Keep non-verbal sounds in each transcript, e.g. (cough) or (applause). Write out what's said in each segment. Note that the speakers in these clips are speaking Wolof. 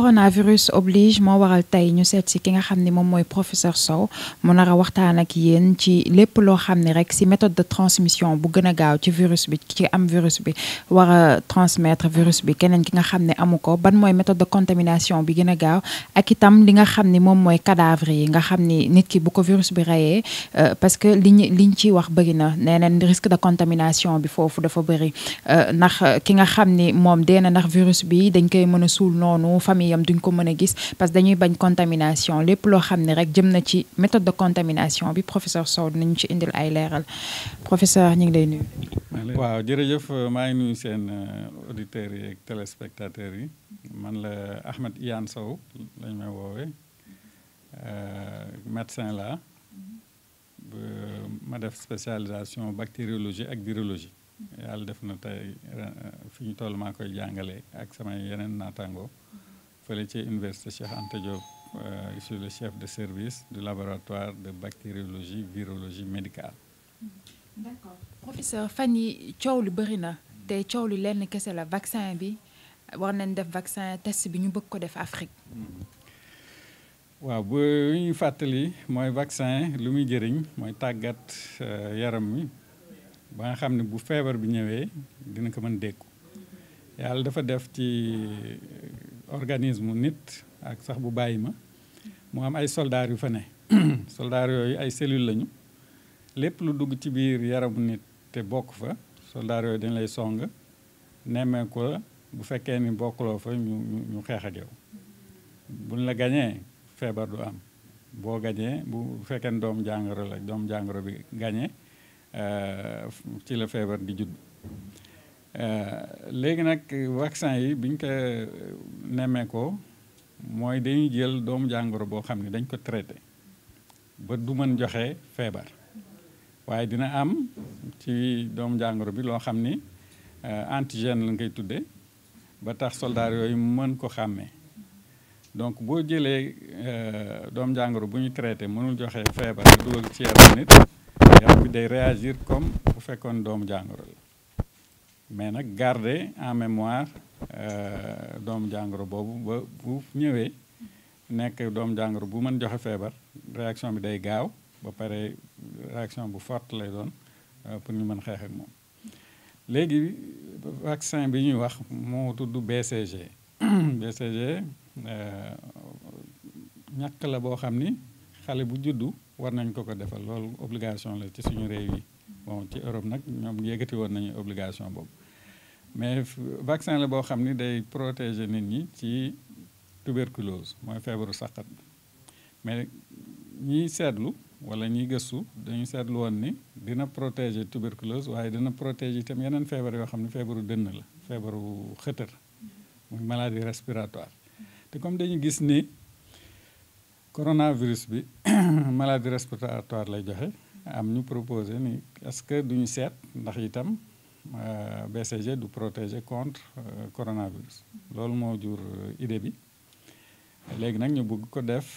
coronavirus oblige moo waral tey ñu seet si ki nga xam ne moom mooy professeur Sow mu nar a waxtaan ak yéen ci lépp loo xam ne rek si méthode de transmission bu gën a gaaw ci virus bi ci am virus bi war a transmettre virus bi keneen ki nga xam ne amu ko ban mooy méthode de contamination bi gën a gaaw ak itam li nga xam ne moom mooy cadavre yi nga xam ni nit ki bu ko virus bi reyee euh, parce que liñ liñ ci wax bëri na nee risque de contamination bi foofu dafa bëri euh, ndax ki nga xam ni moom dee na ndax virus bi dañ koy mën a suul noonu famille yam duñ ko mën a gis parce que dañuy bañ contamination lépp loo xam ne rek jëm na ci méthode de contamination bi professeur Sow dinañu ci indil ay leeral professeur ñu ngi lay nuyu. waaw jërëjëf maa ngi nuyu seen euh, auditeurs yi ak téléspectateurs yi man la Ahmed Iyane Sow lañ may woowee euh, médecin la ma def spécialisation bactériologie ak virologie yàlla def na tey euh, fi ñu toll maa koy jàngale ak sama yeneen naataango fële université Cheikh Anta Diop euh, je suis le chef de service du laboratoire de bactériologie virologie médicale. Mm-hmm. d'accord professeur Fanny yi coow lu bëri na te coow lu lenn la vaccin bi war nañ def vaccin test bi ñu bëgg ko def Afrique. Mm-hmm. waaw bu ñu fàttali mooy vaccin lu muy jëriñ mooy tàggat euh, yaram mi ba nga xam ne bu feebar bi ñëwee dina ko mën dékku mm-hmm. yàlla dafa def ci organisme nit ak sax bu bayima ma mu am ay soldats yu fa ne (clears throat) soldats yooyu ay cellules lañu lépp lu dugg ci biir yaram nit te bokk fa soldats yooyu dañ lay song nemmeeku ko bu fekkee ni bokkuloo fa ñu ñu xeex ak yow buñ la gañee feebar du am boo gañee bu fekkee doom jàngoro la doom jàngoro bi gañee euh, ci la feebar di judd Euh, léegi nag vaccin yi biñ ko euh, nemmeekoo mooy dañuy jël doomu jàngoro boo xam ne dañ ko traité ba du mën joxe feebar waaye dina am ci doomu jàngoro bi loo xam ni euh, antigène lañ ngay tudde ba tax soldaar yooyu mën ko xàmmee donc boo jëlee doomu jàngoro bu ñu traité mënul joxe feebar nga dugal ci yaram nit yaram bi day réagir comme bu fekkoon doomu jàngoro la mais nag garder en mémoire euh, doomu jàngoro boobu ba bu ñëwee nekk doomu jàngoro bu mën joxe feebar réaction bi day gaaw ba pare réaction bu forte lay doon euh, pour ñu mën xeex ak moom. léegi vaccin bi ñuy wax moo tudd BCG (clears throat) BCG euh, ñàkk la boo xam ni xale bu juddu war nañ ko ko defal loolu obligation la ci suñu réew yi bon ci Europe nag ñoom yëkkati woon nañu obligation boobu. mais vaccin la boo xam ni day protéger nit ñi ci tuberculose mooy feebaru saqat mais ñiy seetlu wala ñiy gëstu dañu seetlu woon ni dina protéger tuberculose waaye dina protéger itam yeneen feebar yoo xam ne feebaru dënn la feebaru xëtër muy maladie respiratoire te comme dañu gis ni coronavirus bi (coughs) maladie respiratoire lay joxe am ñu proposé ni est-ce que duñu seet ndax itam Euh, BCG du protéger contre euh, coronavirus C'est ce jur euh, idée bi léegi nag ñu bëgg ko def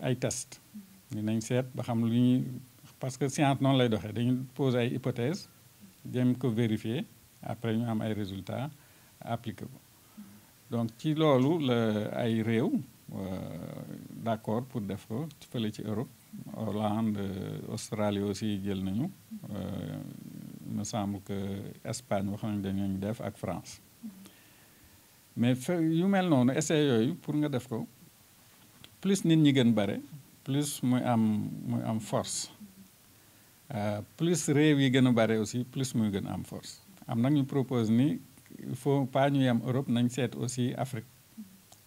ay test ñu nañ parce que science nous lay doxee dañu poser ay hypothèse jéem ko vérifier après nous avons ay résultats applicables. donc ci loolu la ay réew d'accord pour def ko fële ci Europe Hollande Australie aussi jël nañu me semble que Espagne waxoon nañ ñu def ak France mais fe yu mel noonu essai pour nga def ko plus nit ñi gën bare plus muy am muy am force euh, plus réew yi gën a bare aussi plus muy gën am force am nag ñu propose ni faut pas ñu yem Europe nañ seet aussi Afrique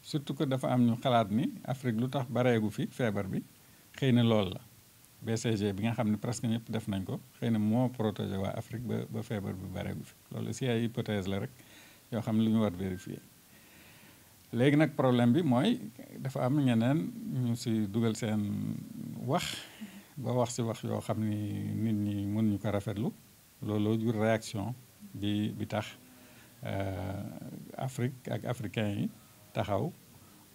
surtout que dafa am ñu xalaat ni Afrique lu tax bareegu fi feebar bi xëy na loolu BCG bi nga xam ne presque ñëpp def nañ ko xëy na moo protégé waa Afrique ba ba feebar bi bareegu fi loolu aussi ay hypothèse la rek yoo xam ne lu ñu war vérifier léegi nag problème bi mooy dafa am ñeneen ñu si dugal seen wax ba wax si wax yoo xam ni nit ñi mën ñu ko rafetlu looloo jur réaction bi bi tax euh, Afrique ak africain yi taxaw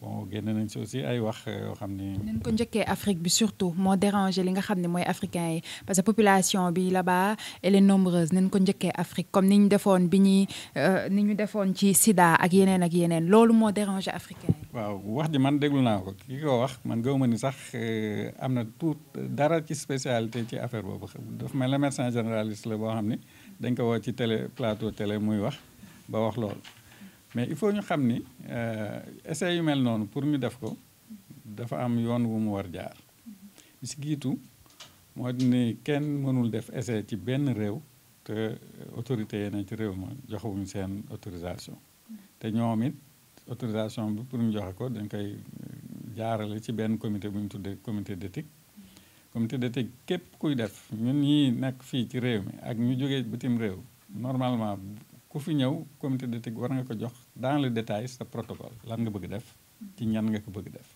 bon génné nañ ci aussi ay wax euh, yo xam ni. nañ ko njëkkee Afrique bi surtout mo déranger li nga xam moy africain yi parce que population bi là-bas elle est nombreuse nañ ko njëkkee Afrique comme ni ñu defoon bi ñuy euh, defoon ci Sida ak yenen ak yenen loolu mo déranger africain yi. waaw wax di man déglu naa ko ki ko wax man gëw ni sax euh, am na tout dara ci spécialité ci affaire boobu daf mel le médecin généraliste la boo xam ni dañ ko woo ci télé plateau télé muy wax ba wax loolu. mais il faut ñu xam ni euh, essais yu mel noonu pour ñu def ko dafa am yoon wu mu war jaar bi si giitu moo di ni kenn mënul def essai ci benn réew te autorité yeneen ci réew ma joxewuñu seen autorisation te ñoom it autorisation bi pour ñu joxe ko dañ koy jaarale ci benn comité bu ñu tuddee comité d'éthique comité d'éthique képp kuy def ñun ñi nekk fii ci réew mi ak ñu jóge bitim réew normalement ku fi ñëw commité comité d'éthique war nga ko jox dans le détail sa protocole lan nga bëgg def ci ñan nga ko bëgg def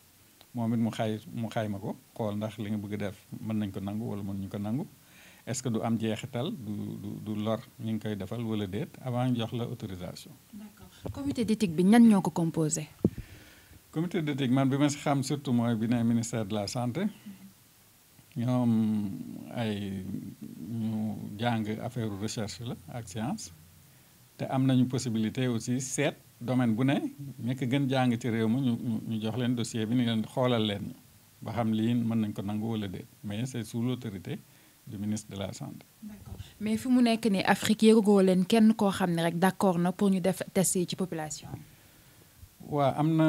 moom it mu xay mu xayma ko xool ndax li nga bëgg def mën nañ ko nangu wala mën ñu ko nangu est-ce que du am jeexital du du lor ñu ngi koy defal wala déet avant jox la autorisation. d'accord comité d'éthique bi ñan ñoo ko composé. de d'éthique man bi ma si xam surtout mooy bi ne ministère de la santé ñoom ay ñu jàng affaire recherche la ak science. te am nañu possibilité aussi seet domaine bu ne ñekk gën jàng ci réew mi ñu ñu jox leen dossier bi ni leen xoolal leen ba xam lii mën nañ ko nangu wala déet mais c'est sous l'autorité du ministre de la santé. d'accord mais fi mu nekk nii Afrique yëgoo leen kenn koo xam ne rek d'accord na pour ñu def test yi ci population. waaw am na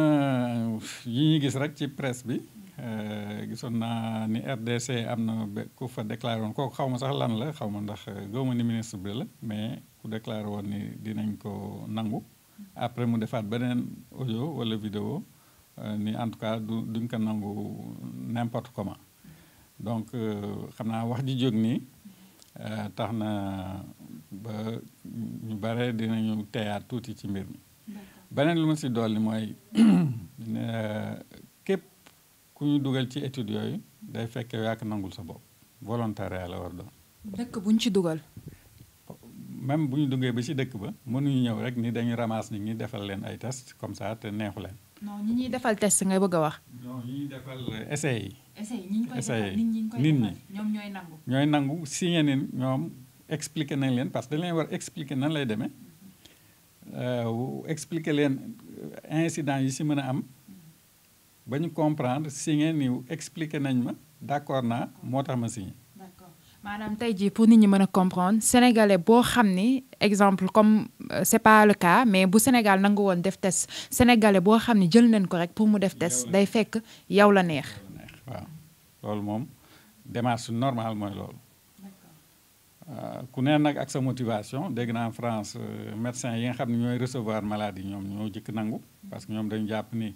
yi ñu gis rek ci presse bi. Euh, gisoon naa ni RDC am na ku fa déclaré woon kooku xaw ma sax lan la xaw ma ndax gëwma euh, ni ministre bi la mais ku déclaré woon ni dinañ ko nangu après mu defaat beneen audio wala vidéo euh, ni en tout cas du duñ ko nangu n'importe comment donc xam naa wax ji jóg nii tax na ba ñu bare dinañu teyaat tuuti ci mbir mi beneen lu ma si dolli mooy (clears throat) képp ku ñu dugal ci étude yooyu day fekk yow nangul sa bopp volontariat la war doon dëkk buñ ci dugal même bu ñu duggee ba ci dëkk ba mënuñu ñëw rek ni dañu ramasse nit ñi defal leen ay test comme ça te neexu leen non ñi ñuy defal test ngay bëgg a wax non ñi ñuy defal essai yi essai ñi ñu koy defal nit ñi ñoom ñooy nangu ñooy nangu signé ni ñoom expliquer nañ leen parce que dañ leen war expliquer nan lay demee euh, expliquer leen incident yi si mën a am ba ñu comprendre signé ni expliqué nañ ma d' accord naa moo tax ma signé. maanaam tey jii pour nit ñi mën a comprendre sénégalais boo xam ni exemple comme euh, c' est pas le cas mais bu Sénégal nangu woon def test sénégalais boo xam ni jël nañ ko rek pour mu def test day fekk yow la neex. waaw loolu moom démarche normale mooy loolu. Euh, ku ne nag ak sa motivation dégg naa France euh, médecin yi nga xam ne ñooy recevoir maladie ñoom ñoo jëkk nangu parce que ñoom dañu jàpp ni.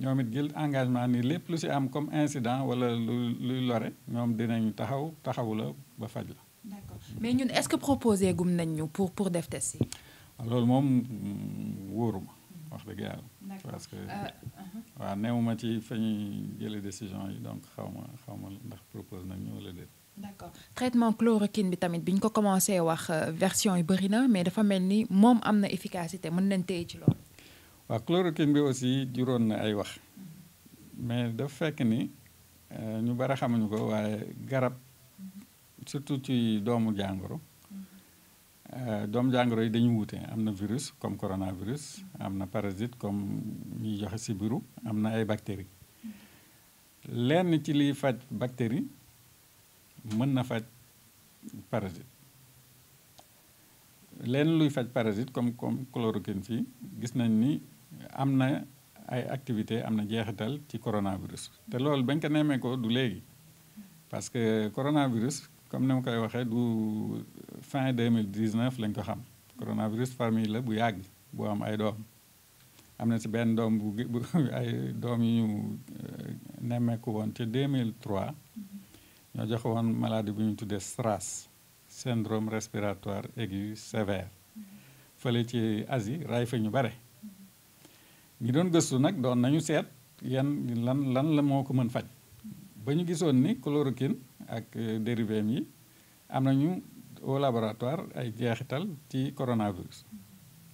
ñoom it jël engagement ni lépp lu si am comme incident wala lu luy lore ñoom dinañ taxaw taxawu la ba faj la. d'accord mais ñun est-ce que proposé gum nañ ñu pour pour def test yi. Ah, loolu moom mm, wóoruma wax dëgg yàlla. parce que euh, uh-huh. waaw newuma ci fa ñuy jëlee décision yi donc xaw ma xaw ma ndax propose nañ ñu wala déet. d'accord traitement chloroquine bi tamit bi ñu ko commencé wax euh, version yi bëri na mais dafa mel ni moom am na efficacité mën nañ téye ci loolu waaw chloroquine bi aussi juróon na ay wax mais dafa fekk ni euh, ñu bari xamuñu ko waaye garab surtout ci doomu jàngoro euh, doomu jàngoro yi dañu wuute am na virus comme coronavirus am na parasite comme ñuy joxe sibiru am na ay bactéries lenn ci liy faj bactérie mën na faj parasite lenn luy faj parasite comme comme chloroquine fii gis nañ ni am na ay activité am na jeexital ci coronavirus te loolu bañ ko nemmee ko du léegi parce que coronavirus comme ni ma koy waxee du fin 2019 lañ ko xam coronavirus famille la bu yàgg bu am ay doom am na si benn doom bu (laughs) ay doom yu ñu euh, nemmeeku woon ci 2003 ñoo joxe woon maladie bu ñu tuddee stras syndrome respiratoire aigu sévère fële ci Asie ray fa ñu bare ñi doon gëstu nag doon nañu seet yan lan lan la moo ko mën faj ba ñu gisoon ni chloroquine ak euh, dérivé yi am nañu au laboratoire ay jeexital ci coronavirus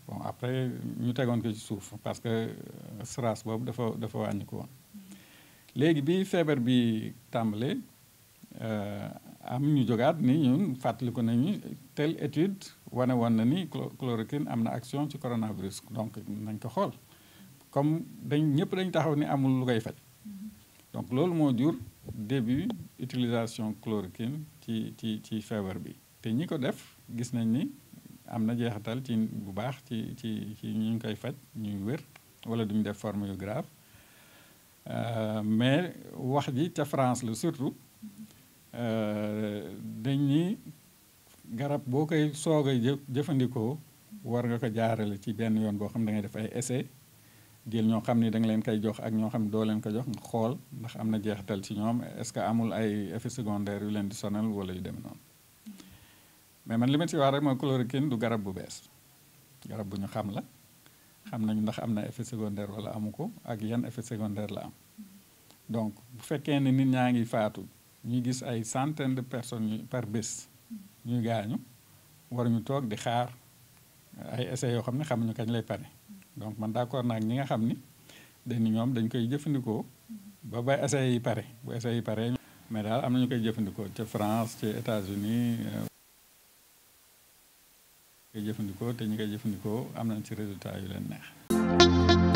bon après ñu tegoon ko ci suuf parce que euh, SRAS boobu dafa dafa wàññi woon léegi bi feebar bi tàmbalee euh, am ñu jógaat ni ñun fàttaliku nañu telle étude wane woon na ni chloroquine am na action ci coronavirus donc nañ ko xool comme dañ ñëpp dañ taxaw ni amul lu koy faj donc loolu moo jur début utilisation chloroquine ci ci ci feebar bi te ñi ko def gis nañ ni am na jeexital ci bu baax ci ci ci ñu ngi koy faj ñuy wér wala duñu def forme yu grave euh, mais wax ji ca France la surtout euh, dañ ni garab boo koy soog a jëfandikoo war nga ko jaarale ci benn yoon boo xam da ngay def ay essai jël ñoo xam ni da leen koy jox ak ñoo xam ne doo leen ko jox nga xool ndax am na jeexital ci ñoom est-ce que amul ay effets secondaires yu leen di sonal wala yu demee noonu mais man li ma ci wax rek mooy chloroquine du garab bu bees garab bu ñu xam la xam nañ ndax am na effet secondaire wala amu ko ak yan effet secondaire la am donc bu fekkee ne nit ñaa ngi faatu ñuy gis ay centaine de personnes par bés ñuy gaañu ñu toog di xaar ay essais yoo xam ne xamuñu kañ lay pare. donc man d'accord nag ñi nga xam ni dañu ñoom dañ koy jëfandikoo ba bay essais yi pare bu essais yi pare mais daal am na ñu koy jëfandikoo ca France ci États-Unis euh, koy jëfandikoo te ñu koy jëfandikoo am nañ ci résultat yu leen neex